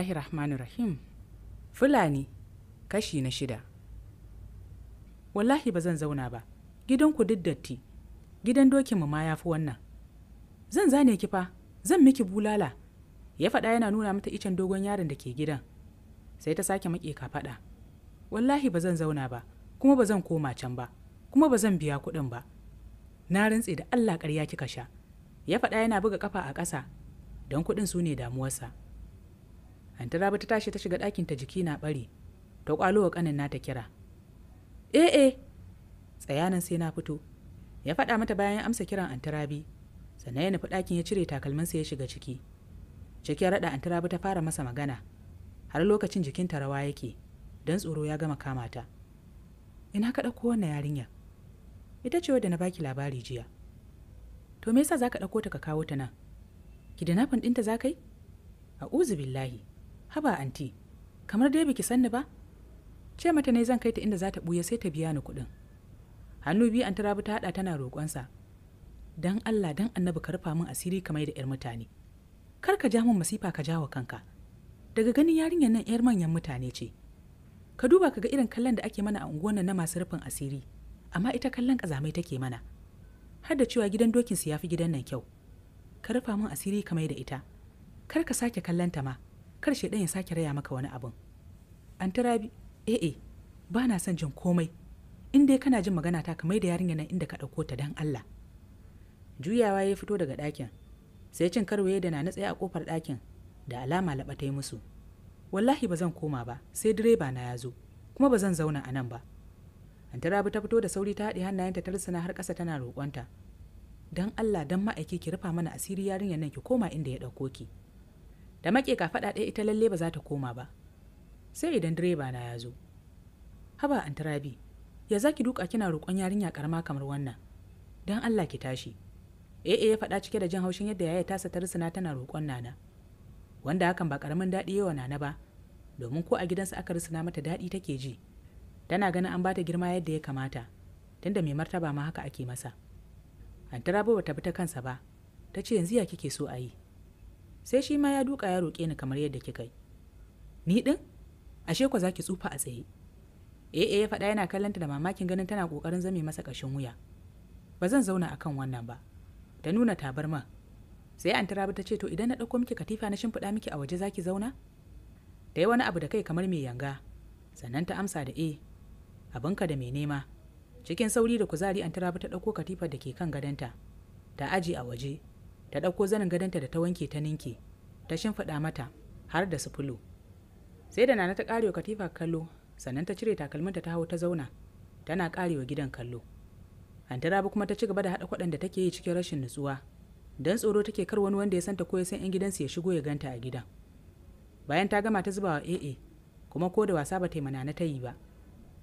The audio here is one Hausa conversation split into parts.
bismillahi rahim fulani kashi na shida wallahi ba zan zauna ba gidan duk datti gidan dokin mu ma yafi wannan zan zane ki fa zan miki bulala ya faɗa yana nuna mata icen dogon yaron da ke gidan sai ta sake maƙe ka faɗa wallahi ba zan zauna ba kuma ba zan koma can ba kuma ba zan biya kuɗin ba na rintse da allah ƙarya kika sha ya faɗa yana buga kafa a ƙasa don kuɗin su ne damuwarsa rabi ta tashi ta shiga ɗakinta jiki na ɓari, ta ƙwalowa ƙanin nata kira. Eh eh, tsayanan sai na fito. Ya faɗa mata bayan ya amsa kiran Antarabi, sannan ya nufi ɗakin ya cire takalminsa ya shiga ciki. Ciki ya raɗa ta fara masa magana, har lokacin jikinta rawa yake, don tsoro ya gama kama ta. Ina ka ɗauko wannan yarinya? Ita ce wadda na baki labari jiya. To me yasa za ka ɗauko ta ka kawo ta nan? Kidnapping ɗinta za ka yi? A billahi. haba anti kamar dai biki sanni ba ce mata ne zan kai ta inda za ta buya sai ta biya ni kuɗin hannu biyu an tarabu ta haɗa tana roƙonsa dan Allah dan annabi ka rufa mun asiri kamar da 'yar mutane kar ka ja min masifa ka jawa kanka daga ganin yarinyar nan 'yar manyan mutane ce ka duba ka ga irin kallon da ake mana a unguwar na masu rufin asiri amma ita kallon ƙazamai take mana har da cewa gidan dokinsu ya fi gidan nan kyau ka rufa mun asiri kamar da ita kar ka sake kallon ta ma kar shi ya sake raya maka wani abin an bi eh eh ba na son jin komai in dai kana jin magana ta kamar da yarinya nan inda ka ɗauko ta dan Allah juyawa ya fito daga ɗakin sai cin karwaye da na na tsaye a kofar ɗakin da alama laɓa yi musu wallahi ba zan koma ba sai direba na ya zo kuma ba zan zauna a nan ba antarabi ta fito da sauri ta haɗe hannayenta ta risana har ƙasa tana roƙonta don allah don ma'aiki ki rufa mana asiri yarinyar nan ki koma inda ya ɗauko ki da maƙeka, ka faɗa ɗaya ita lalle ba za ta koma ba sai idan direba na ya zo haba an tarabi ya za ki duka kina roƙon yarinya karama kamar wannan don allah ki tashi e ya faɗa cike da jin haushin yadda yaya tasa ta tarsuna tana roƙon nana wanda hakan ba karamin daɗi yawa nana ba domin ko a gidansa aka rusuna mata daɗi take ji tana ganin an bata girma yadda ya kamata tunda mai martaba ma haka ake masa antara ba ta bi ta kansa ba ta ce yanzu ya kike so a yi sai shi ma ya duka ya roƙe ni kamar yadda kika yi ni din ashe ku zaki tsufa a tsaye eh, eh ya faɗa yana kallonta da mamakin ganin tana ƙoƙarin zame masa ƙashin wuya ba zan zauna akan wannan ba da nuna tabarma sai an tara ta ce to idan na ɗauko miki katifa na shimfiɗa miki a waje zaki zauna da wani abu da kai kamar mai yanga sannan ta amsa da e eh, ka da mai nema cikin sauri da kuzari an tara ta ɗauko katifa da ke kan gadonta ta aji a waje ta ɗauko zanin gadonta da ta wanke ta ninke ta shimfiɗa mata har da sufulu sai da nana ta wa katifa kallo sannan ta cire takalminta ta hau ta zauna tana wa gidan kallo antarabi kuma ta ci gaba da haɗa kwaɗan da take yi cikin rashin nutsuwa don tsoro take kar wani wanda ya santa ko ya san 'yan gidansu ya shigo ya ganta a gidan bayan ta gama ta zuba wa aa kuma ko da wasa ba ta yi manana ta yi ba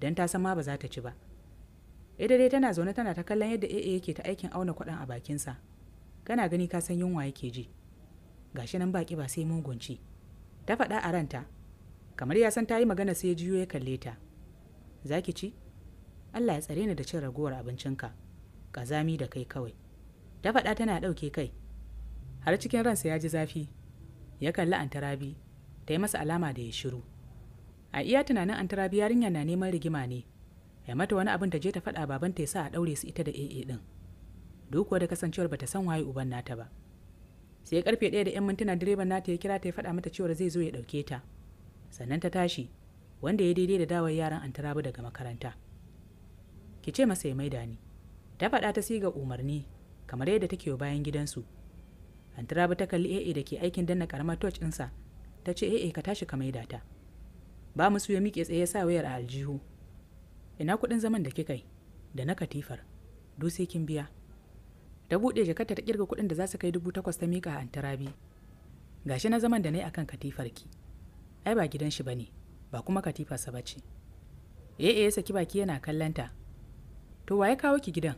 don ta san ma ba za ta ci ba ita dai tana zaune tana ta kallon yadda aa yake ta aikin auna kwaɗan a bakinsa kana gani ka san yunwa yake ji gashi nan baki ba sai mugunci ta faɗa a ranta kamar ya san ta yi magana sai ya jiyo ya kalle ta za ki ci allah ya tsare ni da cin ragowar abincin ka. ƙazami da kai kawai ta faɗa tana ɗauke kai har cikin ransa ya ji zafi ya kalli antarabi ta yi masa alama da ya shiru a iya tunanin antarabi yarinya na neman rigima ne ya mata wani abin ta je ta faɗa babanta ya sa a ɗaure su ita da aa ɗin. duk da kasancewar bata san waye uban nata ba sai karfe ɗaya da 'yan mintuna direban nata ya kira ta ya faɗa mata cewa zai zo ya ɗauke ta sannan ta tashi wanda ya daidai da dawar yaran an tarabu daga makaranta ki ce masa ya maida ni ta faɗa ta siga umarni kamar yadda take bayan gidansu an tarabu ta kalli AA da ke aikin danna karamar torch ɗinsa ta ce AA ka tashi ka maida ta ba su ya miƙe tsaye sa wayar a aljihu ina kuɗin zaman da kika yi da na katifar duk kin biya da buɗe jakarta ta kirga kuɗin da za su kai dubu takwas ta mika a antarabi gashi na zaman da na yi akan ki ai ba gidan shi ba ne, ba kuma katifarsa ba ce ya'ya eh, eh, ya saki baki yana kallanta to wa ya kawo ki gidan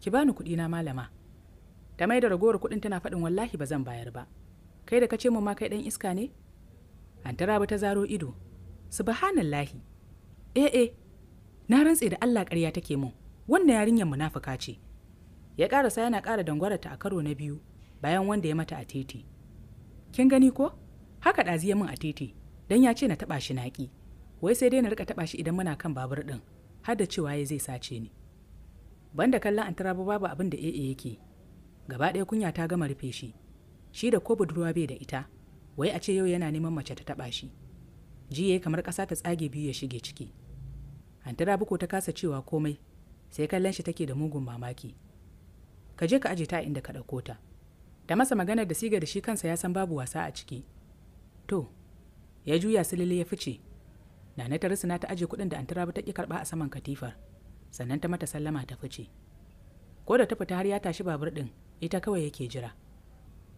ki bani kuɗi na malama ta mai da ragowar kuɗin tana faɗin wallahi ba zan bayar ba kai da ka ce mu ma kai ɗan iska ne antarabi ta zaro ido subhanallahi eh, eh na rantse da Allah ƙarya take mun wannan yarinyar munafuka ce ya karasa yana kara dangwarata a karo na biyu bayan wanda ya mata a titi kin gani ko haka ɗazi ya min a titi don ya ce na taɓa shi naki wai sai dai na rika taɓa shi idan muna kan babur ɗin har da cewa ya zai sace ni banda kallon an babu abin da ee yake gaba ɗaya kunya ta gama rufe shi shi da ko budurwa bai da ita wai a ce yau yana neman mace ta taɓa shi jiye kamar ƙasa ta tsage biyu ya shige ciki antara ko ta kasa cewa komai sai kallon shi take da mugun mamaki ka je ka aje ta inda ka ɗauko ta da masa maganar da siga da shi kansa ya san babu wasa a ciki to ya juya silili ya fice nana ta rusuna ta aje kuɗin da antarabi ta ƙi karɓa a saman katifar sannan ta mata sallama ta fice ko da ta fita har ya tashi babur ɗin ita kawai yake jira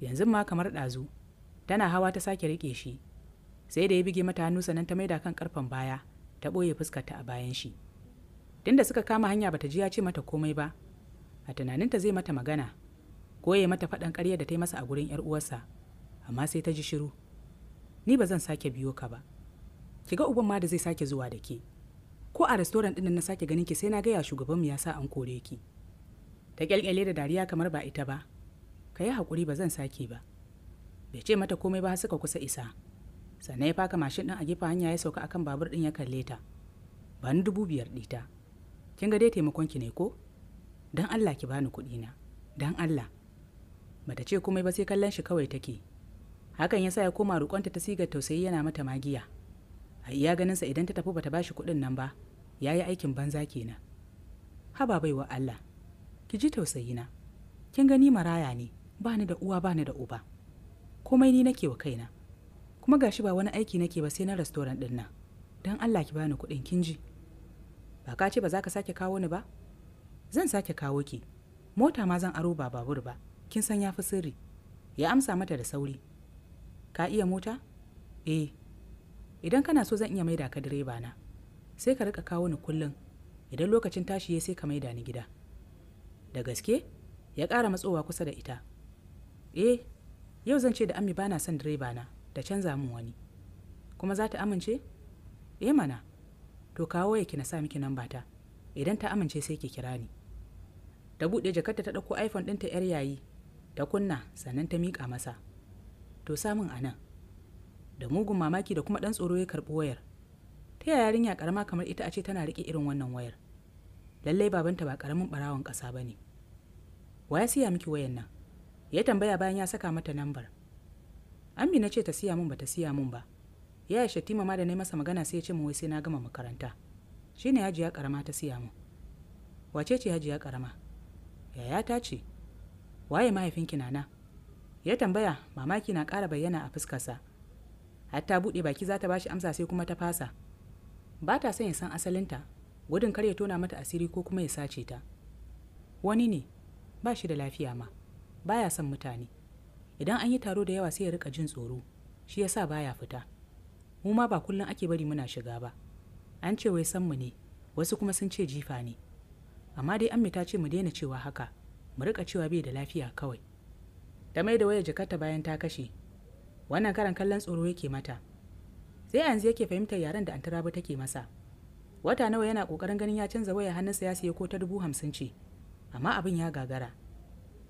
yanzu ma kamar ɗazu tana hawa ta sake riƙe shi sai da ya bige mata hannu sannan ta maida kan ƙarfen baya ta ɓoye fuskarta a bayan shi tunda suka kama hanya bata ji ya ce mata komai ba a tunaninta zai mata magana ko ya mata faɗan ƙarya da ta yi masa a gurin 'yar uwarsa amma sai ta ji shiru ni ba zan sake biyo ka ba ki ga uban ma da zai sake zuwa da ke ko a restoran ɗin na sake ganin ki sai na gaya shugaban mu ya sa an kore ki ta kyalkyale da dariya kamar ba ita ba ka yi haƙuri ba zan sake ba bai ce mata komai ba suka kusa isa sannan ya faka mashin ɗin a gefen hanya ya sauka akan babur ɗin ya kalle ta ba ni dubu biyar ɗita kin ga dai taimakon ki ne ko don allah ki bani kuɗi na don allah bata ce komai ba sai kallon shi kawai take hakan yasa ya koma roƙonta ta sigar tausayi yana mata magiya a iya ganinsa idan ta tafi bata bashi kuɗin nan ba ya yi aikin banza kenan haba baiwa allah ki ji na. kin gani maraya ne Bani da uwa bani da uba komai ni nake wa kaina kuma gashi ba wani aiki nake ba sai na restoran din nan don allah ki bani kuɗin kin ji ba ka ce ba za ka sake kawo ni ba zan sake kawo ki mota ma zan aro ba babur ba kin san ya fi sirri ya amsa mata da sauri ka iya mota eh idan kana so zan iya maida ka direba na sai ka rika kawo ni kullum idan lokacin tashi ya sai ka maida ni gida da gaske ya ƙara matsowa kusa da ita eh yau zan ce da ami bana son direba na da canza min wani kuma za ta amince eh mana to kawo ya ki na sa miki nan bata idan ta amince sai ki kira ni ta buɗe jakarta ta ɗauko iphone ɗinta yar yayi ta kunna sannan ta miƙa masa to samun a nan da mugun mamaki da kuma ɗan tsoro ya karɓi wayar ta yaya yarinya ƙarama kamar ita a ce tana riƙe irin wannan wayar lallai babanta ba ƙaramin ɓarawon ƙasa ba ne wa ya siya miki wayan nan ya tambaya bayan ya saka mata lambar amina ce ta siya min ba ta siya min ba ya yi shatima ma da na masa magana sai ya ce wai sai na gama makaranta shine hajiya ƙarama ta siya min wace ce hajiya ƙarama? yayata ce waye mahaifinki nana ya tambaya mamaki na ƙara bayyana a fuskarsa Hatta ta buɗe baki za ta bashi amsa sai kuma ta fasa ba ta son ya san asalinta gudun kar ya tona mata asiri ko kuma ya sace ta wani ne ba shi da lafiya ma baya son mutane idan an yi taro da yawa sai ya rika jin tsoro shi ya yasa baya fita mu ma ba kullum ake bari muna shiga ba an ce wai san mu ne wasu kuma sun ce jifa ne amma dai ammi ta ce mu daina cewa haka mu rika cewa bai da lafiya kawai ta mai da waya jakarta bayan ta kashe wannan karan kallon tsoro yake mata sai yanzu yake fahimtar yaren da antarabu take masa wata nawa yana kokarin ganin ya canza waya hannunsa ya siya ko ta dubu hamsin ce amma abin ya gagara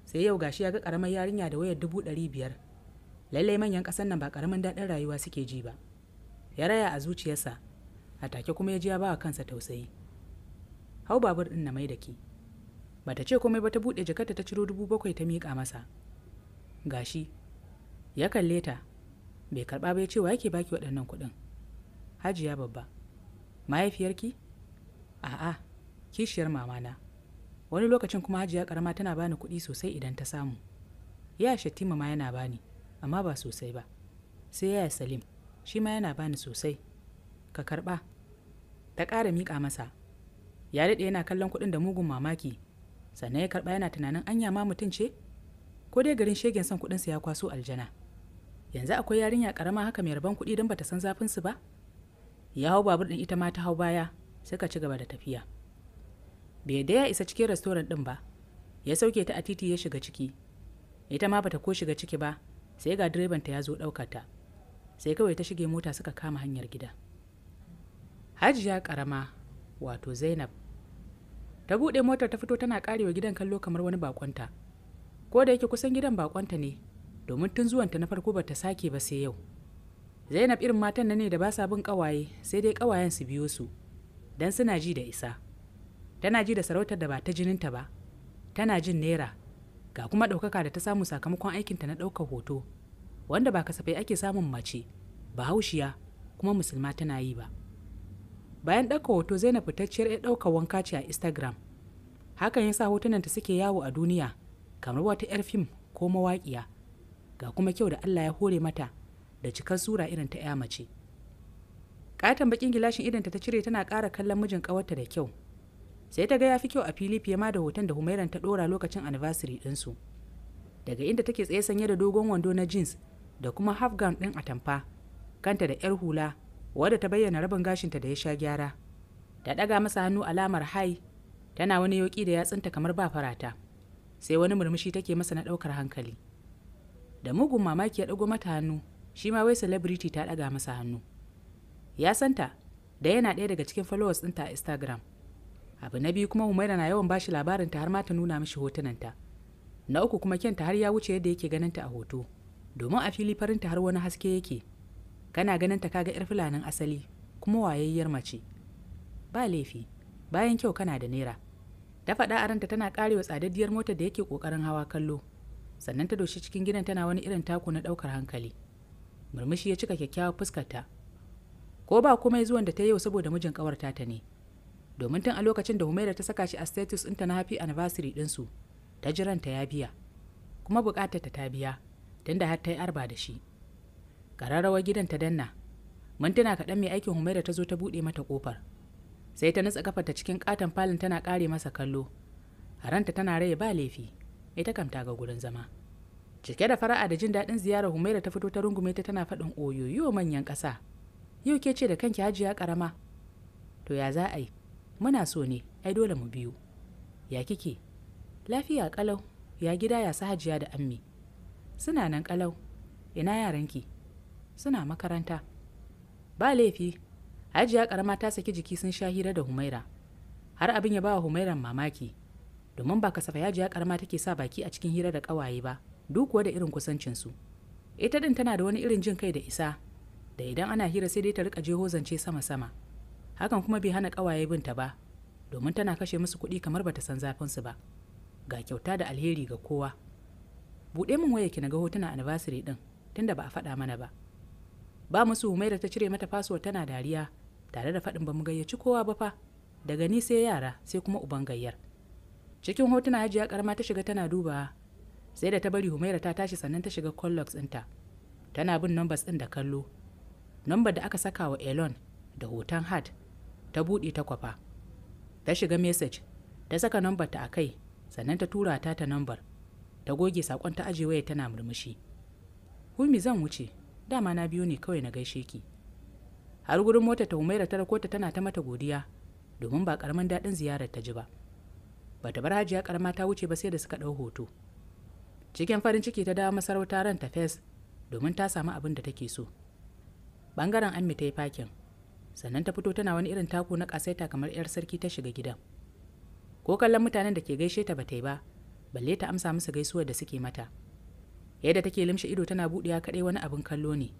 sai yau gashi ya ga karamar yarinya da wayar dubu ɗari biyar lallai manyan ƙasar nan ba karamin daɗin rayuwa suke ji ba ya raya a zuciyarsa a take kuma ya ji ya ba kansa tausayi hau babur ɗin na mai da ki ba ta ce komai ba ta buɗe jakarta ta ciro dubu bakwai ta miƙa masa gashi ya kalle ta bai karɓa ba ya ce wa yake baki waɗannan kuɗin hajiya babba mahaifiyarki a'a kishiyar mamana wani lokacin kuma hajiya karama tana bani kuɗi sosai idan ta samu ya shatima ma yana bani amma ba sosai ba sai yaya salim shi ma yana bani sosai ka karɓa ta ƙara miƙa masa ya daɗe yana kallon kuɗin da mugun mamaki sannan ya karɓa yana tunanin anya ma mutum ce ko dai garin shegen son kuɗinsa ya kwaso aljana yanzu akwai yarinya ƙarama haka mai rabon kuɗi don bata san zafin su ba ya hau babur ɗin ita ma ta hau baya suka ci gaba da tafiya bai da ya isa cikin restoran ɗin ba ya sauke ta a titi ya shiga ciki ita ma bata ko shiga ciki ba sai ga ta ya zo ɗaukar ta sai kawai ta shige mota suka kama hanyar gida hajiya ƙarama wato zainab ta buɗe motar ta fito tana karewa gidan kallo kamar wani bakonta ko da yake kusan gidan bakonta ne domin tun zuwanta na farko bata sake ba sai yau zainab irin matan na ne da ba sa bin kawaye sai dai ƙawayen su biyo su dan suna ji da isa tana ji da sarautar da ba ta jininta ba tana jin naira ga kuma ɗaukaka da ta samu sakamakon aikinta na ɗaukar hoto wanda ba kasafai ake samun mace bahaushiya kuma musulma tana yi ba. bayan ɗauka hoto zainab fitacciyar ya ɗauka wanka ce a instagram hakan ya sa hotunanta suke yawo a duniya kamar wata 'yar fim ko mawaƙiya ga kuma kyau da allah ya hore mata da cikar sura irin ta 'ya mace ƙaton baƙin gilashin idanta ta cire tana ƙara kallon mijin ƙawarta da kyau sai ta ga ya fi kyau a fili fiye ma da hoton da humairan ta ɗora lokacin anniversary ɗinsu daga inda take tsaye sanye da dogon wando na jeans da kuma half gown ɗin atamfa kanta da 'yar hula wadda ta bayyana rabin gashinta da ya sha gyara ta ɗaga masa hannu alamar hai tana wani yoki da yatsunta kamar ba farata sai wani murmushi take masa na ɗaukar hankali da mugun mamaki ya ɗago mata hannu shi ma wai celebrity ta ɗaga masa hannu ya santa da yana ɗaya daga cikin followers ɗinta a instagram abu na biyu kuma humaira na yawan bashi labarinta har ma ta nuna mishi hotunanta na uku kuma kyanta har ya wuce yadda yake ganinta a hoto domin a fili farinta har wani haske yake kana ganin ta kaga yar fulanin asali kuma wayayyar mace ba laifi bayan kyau kana da naira ta faɗa a ranta tana karewa tsadaddiyar motar da yake ƙoƙarin hawa kallo sannan ta doshi cikin gidan tana wani irin taku na ɗaukar hankali murmushi ya cika kyakkyawar fuskarta ko ba komai zuwan da ta yau saboda mijin ƙawarta ta ne domin tun a lokacin da Humaira ta saka shi a status ɗinta na happy anniversary ɗinsu, ta jiranta ya biya, kuma buƙatar ta ta biya, tunda har ta yi arba da shi. kararrawa gidan ta danna mintuna kaɗan mai aikin humaira ta zo ta buɗe mata ƙofar sai ta nutsa ta cikin ƙaton falin tana ƙare masa kallo Haranta tana raye ba laifi ita kamta ga gurin zama cike da fara'a da jin daɗin ziyarar humaira ta fito ta rungume ta tana faɗin oyoyo manyan ƙasa yau ke ce da kanki hajiya ƙarama to ya za a yi muna so ne ai dole mu biyu ya kike lafiya ƙalau ya gida ya sa hajiya da ammi suna nan ƙalau ina yaranki suna makaranta ba laifi hajiya karama ta saki jiki sun sha hira da humaira har abin ya ba wa humairan mamaki domin ba kasafa hajiya karama take sa baki a cikin hira da kawaye ba duk kuwa da irin kusancinsu ita din tana da wani irin jin kai da isa da idan ana hira sai dai ta rika jeho zance sama-sama hakan kuma bai hana kawaye ta ba domin tana kashe musu kuɗi kamar bata san zafin su ba ga kyauta da alheri ga kowa buɗe min waye na ga hotuna anniversary din tunda ba a faɗa mana ba ba musu humaira ta cire mata fasuwa tana dariya tare da faɗin ba mu gayyaci kowa ba fa daga ni sai yara sai kuma uban gayyar cikin hotuna hajiya karma ta shiga tana dubawa sai da ta bari humaira ta tashi sannan ta shiga collox ɗinta tana bin numbers ɗin da kallo number da aka saka wa elon da hoton hat ta buɗe ta kwafa ta shiga message ta saka number ta a kai sannan ta tura ta ta number ta goge saƙon ta aje waya tana murmushi humi zan wuce dama na biyu ne kawai na gaishe ki har gurin mota ta humaira ta rakota tana ta mata godiya domin ba karamin daɗin ziyarar ta ji ba bata bar hajiya karama ta wuce ba sai da suka ɗau hoto cikin farin ciki ta dawo masarauta ran ta fes domin ta samu abin da take so bangaren ammi ta yi fakin sannan ta fito tana wani irin taku na kasaita kamar 'yar sarki ta shiga gidan ko kallon mutanen da ke gaishe ta bata yi ba balle ta amsa musu gaisuwar da suke mata yadda take limshe ido tana buɗewa kaɗai wani abin kallo ne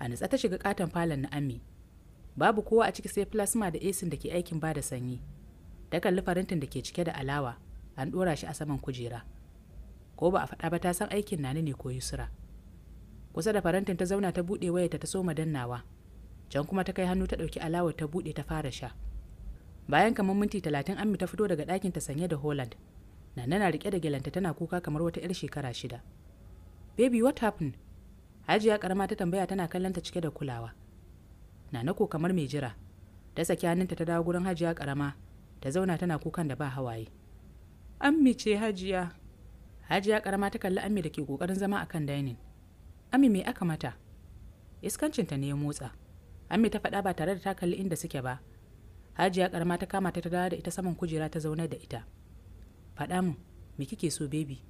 a nutsa ta shiga katon falon na ami babu kowa a ciki sai plasma da esin da ke aikin ba da sanyi ta kalli farantin da ke cike da alawa an ɗora shi a saman kujera ko ba a faɗa ba ta san aikin nani ne ko yusra kusa da farantin ta zauna ta buɗe wayarta ta soma dannawa can kuma ta kai hannu ta ɗauki alawa ta buɗe ta fara sha bayan kamar minti talatin ammi ta fito daga ɗakin ta sanye da holland nana na riƙe da gelanta tana kuka kamar wata 'yar shekara shida baby what happened hajiya karama ta tambaya tana kallon ta cike da kulawa nana ko kamar mai jira ta saki hannunta ta dawo gurin hajiya karama ta zauna tana kukan da ba hawaye ammi ce hajiya hajiya karama ta kalli ammi da ke kokarin zama akan dining ammi me aka mata iskancin ta ne ya motsa ammi ta faɗa ba tare da ta kalli inda suke ba hajiya karama ta kama ta ta dawo da ita saman kujera ta zauna da ita faɗa mu me kike so baby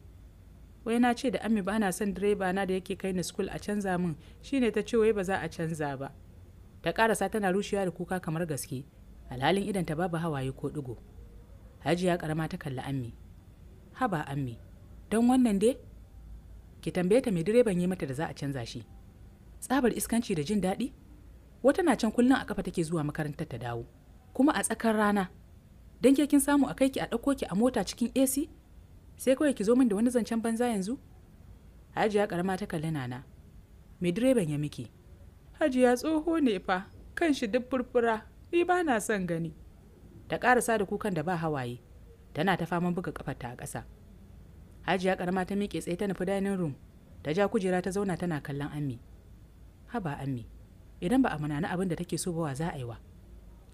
wai na ce da ami ba na son direba na da yake kai ni school a canza min shine ta ce wai ba za a canza ba ta karasa tana rushewa da kuka kamar gaske alhalin idan ta babu hawaye ko digo hajiya karama ta kalli ammi haba Ami, don wannan dai ki tambaye ta mai direban yi mata da za a canza shi tsabar iskanci da jin daɗi wata na can kullum a kafa take zuwa makarantar ta dawo kuma a tsakar rana don ke kin samu a kai ki a ɗauko ki a mota cikin ac sai kawai ki zo min da wani zancen banza yanzu hajiya karama ta kalli nana mai direban ya miki hajiya tsoho ne fa kan shi duk furfura ni ba na son gani ta karasa da kukan da ba hawaye tana ta faman buga kafarta a ƙasa hajiya karama ta miƙe tsaye ta nufi dining room ta ja kujera ta zauna tana kallon ammi haba ammi idan ba a manani abin da take so ba wa za a yi wa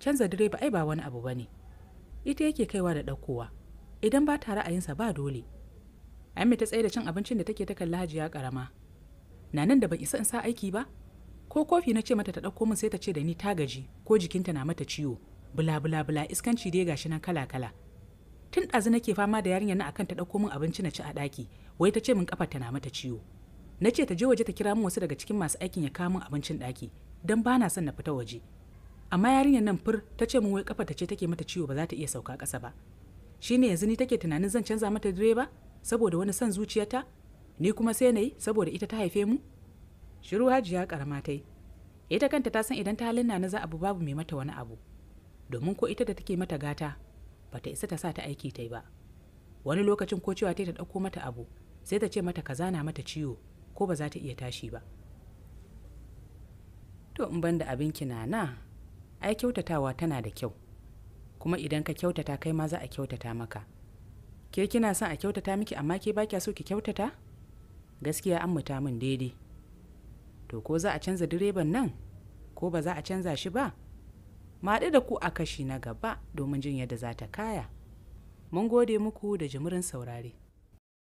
canza direba ai ba wani abu ba ne ita yake kaiwa da ɗaukowa idan ba ta ra'ayinsa ba dole Amme ta tsaye da cin abincin da take ta kalli hajiya karama na nan da ban isa in sa aiki ba ko kofi na ce mata ta ɗauko min sai ta ce da ni ta gaji ko jikinta na mata ciwo bula bula bula iskanci dai gashi nan kala kala tun ɗazu nake fama da yarinyar na akan ta ɗauko min abinci na ci a ɗaki wai ta ce min ƙafa ta na mata ciwo na ce ta je waje ta kira min wasu daga cikin masu aikin ya kawo min abincin ɗaki don ba na son na fita waje amma yarinyar nan fur ta ce min wai ƙafa ta ce take mata ciwo ba za ta iya sauka ƙasa ba shine yanzu ni take tunanin zan canza mata direba saboda wani son zuciyarta ni kuma sai na yi saboda ita ta haife mu shiru hajiya karama ta yi ita kanta ta san idan ta halin na za abu babu mai mata wani abu domin ko ita da take mata gata bata isa ta sa ta aiki ta yi ba wani lokacin ko cewa ta ɗauko mata abu sai ta ce mata kaza na mata ciwo ko ba za ta iya tashi ba to in ban da abinki na ai kyautatawa tana da kyau kuma idan ka kyautata kai ma za a kyautata maka ke kina son a kyautata miki amma ke ba so ki kyautata gaskiya an muta min daidai to ko za a canza direban nan ko ba za a canza shi ba maɗu da ku a kashi na gaba domin jin yadda za ta kaya mun gode muku da jimirin saurare